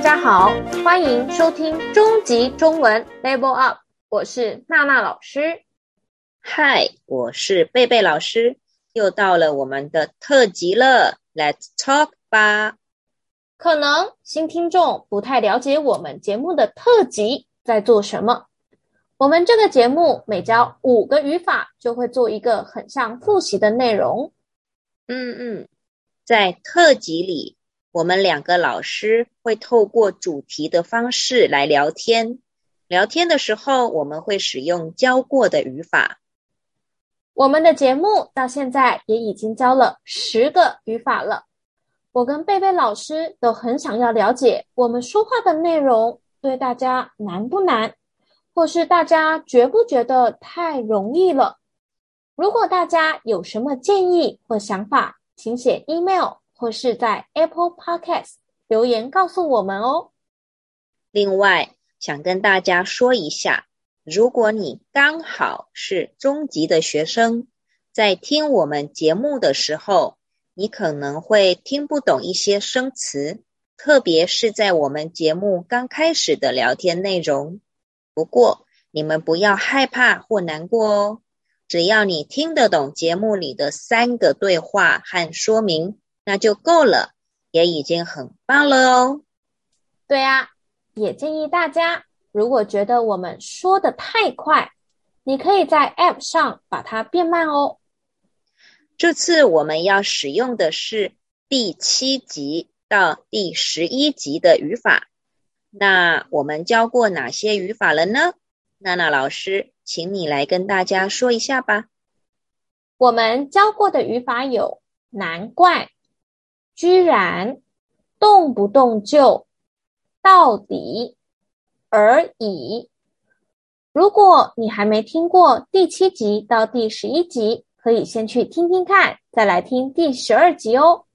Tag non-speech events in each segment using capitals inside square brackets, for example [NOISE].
大家好，歡迎收聽中級中文 Level Up，我是娜娜老師。嗨，我是貝貝老師。又到了我們的特輯了，Let's talk 吧。可能新聽眾不太了解我們節目的特輯在做什麼。我們這個節目每教五個語法，就會做一個很像複習的內容。嗯嗯，在特輯裡。我們兩個老師會透過主題的方式來聊天。聊天的時候，我們會使用教過的語法。我們的節目到現在也已經教了十個語法了。我跟貝貝老師都很想要了解我們說話的內容對大家難不難，或是大家覺不覺得太容易了？如果大家有什麼建議或想法，請寫 email。或是在 Apple Podcast 留言告訴我們哦。另外，想跟大家說一下，如果你剛好是中級的學生，在聽我們節目的時候，你可能會聽不懂一些生詞，特別是在我們節目剛開始的聊天內容。不過，你們不要害怕或難過哦，只要你聽得懂節目裡的三個對話和說明。那就夠了，也已經很棒了哦。對啊，也建議大家，如果覺得我們說得太快，你可以在 App 上把它變慢哦。這次我們要使用的是第七集到第十一集的語法，那我們教過哪些語法了呢？娜娜老師，請你來跟大家說一下吧。我們教過的語法有難怪、居然、動不動就、到底、而已。如果你還沒聽過第七集到第十一集，可以先去聽聽看，再來聽第十二集哦。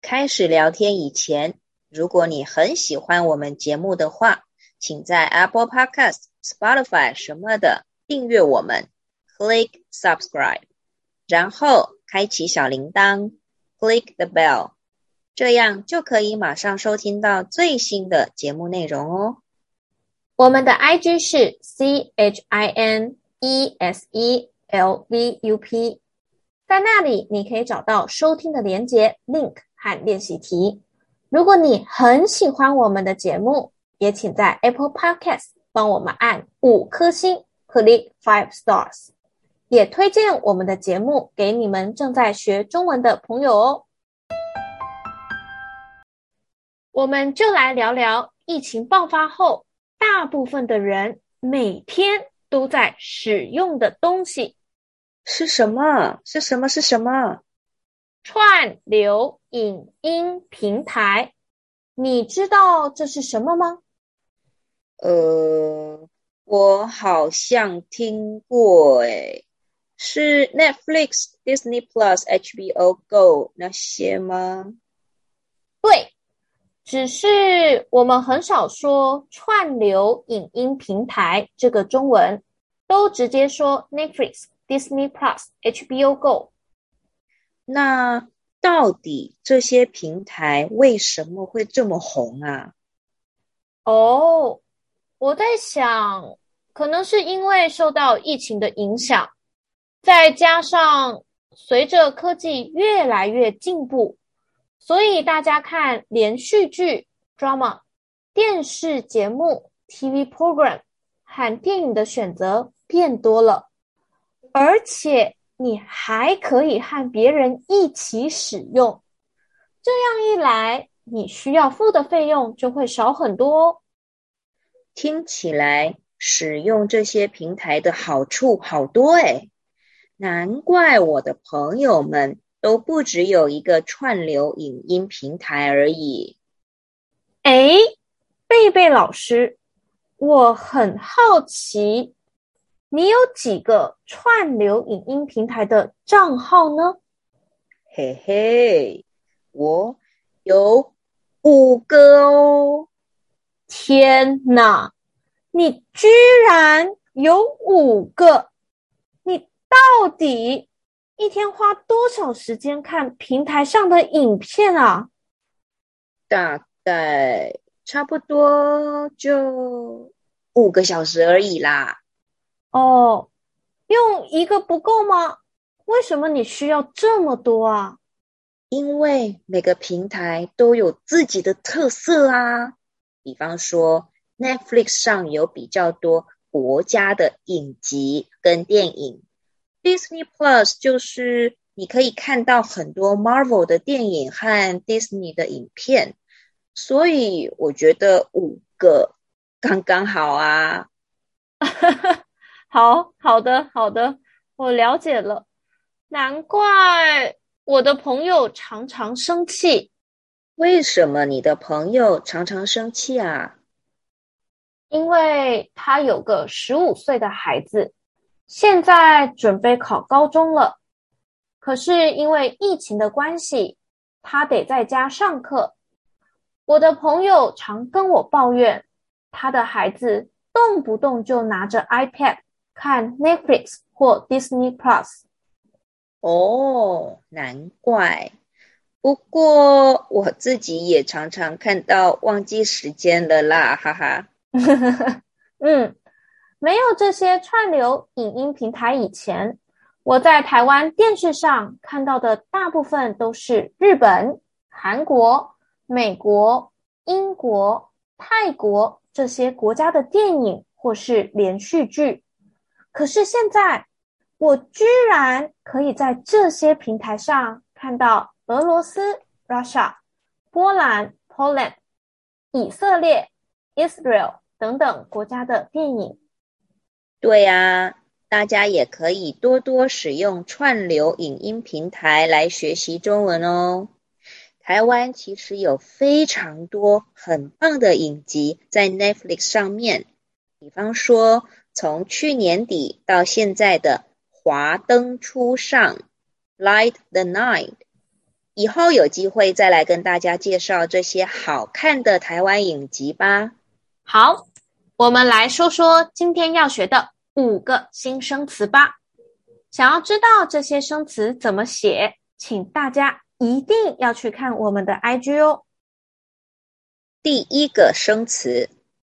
開始聊天以前，如果你很喜歡我們節目的話，請在 Apple Podcast、Spotify 什麼的訂閱我們，click subscribe，然後開啟小鈴鐺。Click the bell，這樣就可以馬上收聽到最新的節目內容哦。我們的 IG 是 ChineseLVUP，在那裡你可以找到收聽的鏈接 link 和練習題。如果你很喜歡我們的節目，也請在 Apple Podcast 幫我們按五顆星，Click five stars。也推薦我們的節目給你們正在學中文的朋友哦。我們就來聊聊疫情爆發後，大部分的人每天都在使用的東西是什麼？是什麼？是什麼？什麼串流影音平台，你知道這是什麼嗎？呃，我好像聽過，誒。是 Netflix、Disney Plus、HBO Go 那些嗎？對，只是我們很少說串流影音平台這個中文，都直接說 Netflix、Disney Plus、HBO Go。那到底這些平台為什麼會這麼紅啊？哦，oh, 我在想，可能是因為受到疫情的影響。再加上隨着科技越來越進步，所以大家看連續劇、drama、電視節目、TV program、和電影的選擇變多了，而且你還可以和別人一起使用。這樣一來，你需要付的費用就會少很多，哦。聽起來使用這些平台的好處好多誒，哎。難怪我的朋友們都不只有一個串流影音平台而已。哎，貝貝老師，我很好奇，你有幾個串流影音平台的賬號呢？嘿嘿，我有五個哦。天哪，你居然有五個。到底一天花多少時間看平台上的影片啊？大概差不多就五個小時而已啦。哦，用一個不夠嗎？為什麼你需要這麼多啊？因為每個平台都有自己的特色啊。比方說，Netflix 上有比較多國家的影集跟電影。Disney Plus 就是你可以看到很多 Marvel 的電影和 Disney 的影片，所以我覺得五個剛剛好啊。 [LAUGHS] 好好的好的，我了解了。難怪我的朋友常常生氣。為什麼你的朋友常常生氣啊？因為他有個十五歲的孩子。現在準備考高中了，可是因為疫情的關係，他得在家上課。我的朋友常跟我抱怨，他的孩子動不動就拿着 iPad 看 Netflix 或 Disney Plus。哦，難怪。不過我自己也常常看到忘記時間了啦，哈哈。 [LAUGHS] 嗯。沒有這些串流影音平台以前，我在台灣電視上看到的大部分都是日本、韓國、美國、英國、泰國這些國家的電影或是連續劇。可是現在，我居然可以在這些平台上看到俄羅斯 （Russia）、波蘭 （Poland）、以色列 （Israel） 等等國家的電影。對呀，大家也可以多多使用串流影音平台來學習中文哦。台灣其實有非常多很棒的影集在 Netflix 上面，比方說從去年底到現在的《華燈初上》（Light the Night）。以後有機會再來跟大家介紹這些好看的台灣影集吧。好。我們來說說今天要學的五個新生詞吧。想要知道這些生詞怎麼寫，請大家一定要去看我們的 IG 哦。第一個生詞，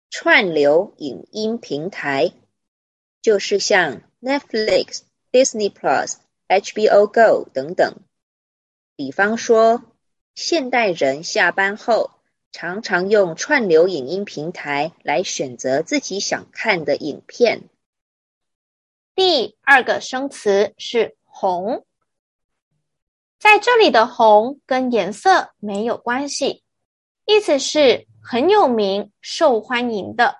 串流影音平台，就是像 Netflix、Disney Plus、HBO Go 等等。比方說，現代人下班後，常常用串流影音平台來選擇自己想看的影片。第二個生詞是“紅”，在這裡的“紅”跟顏色沒有關係，意思是很有名、受歡迎的。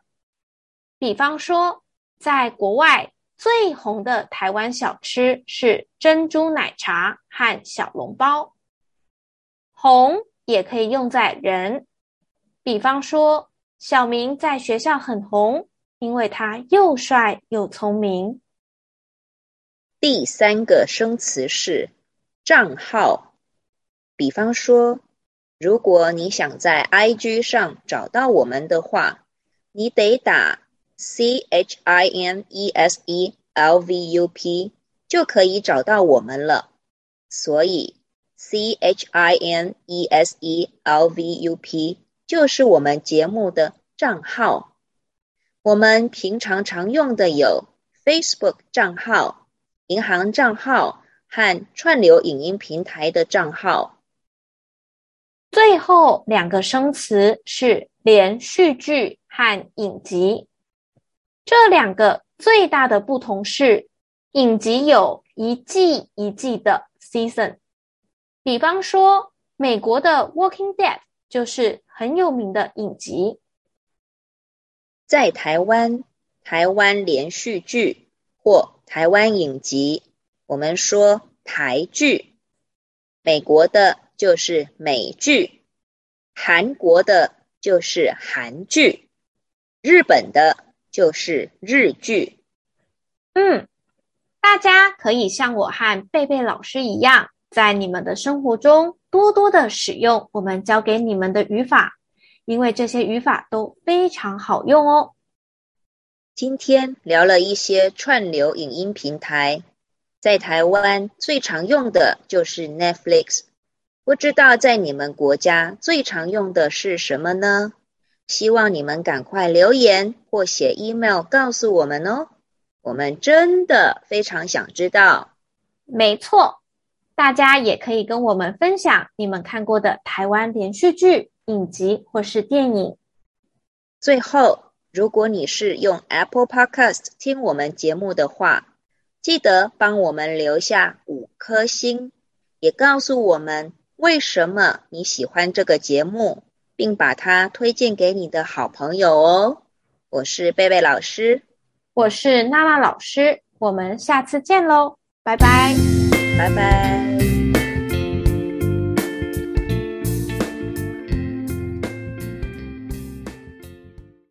比方說，在國外最紅的台灣小吃是珍珠奶茶和小籠包。紅也可以用在人。比方說，小明在學校很紅，因為他又帥又聰明。第三個生詞是賬號。比方說，如果你想在 IG 上找到我們的話，你得打 ChineseLVUP，就可以找到我們了。所以 ChineseLVUP，就是我們節目的賬號，我們平常常用的有 Facebook 賬號、銀行賬號和串流影音平台的賬號。最後兩個生詞是連續劇和影集，這兩個最大的不同是影集有一季一季的 season，比方說美國的《Walking Dead》。就是很有名的影集，在台灣，台灣連續劇或台灣影集，我們說台劇，美國的就是美劇，韓國的就是韓劇，日本的就是日劇。嗯，大家可以像我和貝貝老師一樣，在你們的生活中。多多的使用我們教給你們的語法，因為這些語法都非常好用哦。今天聊了一些串流影音平台，在台灣最常用的就是 Netflix，不知道在你們國家最常用的是什麼呢？希望你們趕快留言或寫 email 告訴我們哦，我們真的非常想知道。沒錯。大家也可以跟我們分享你們看過的台灣連續劇、影集或是電影。最後，如果你是用 Apple Podcast 聽我們節目的話，記得幫我們留下五顆星，也告訴我們為什麼你喜歡這個節目，並把它推薦給你的好朋友哦。我是貝貝老師，我是娜娜老師，我們下次見嘍，拜拜。拜拜。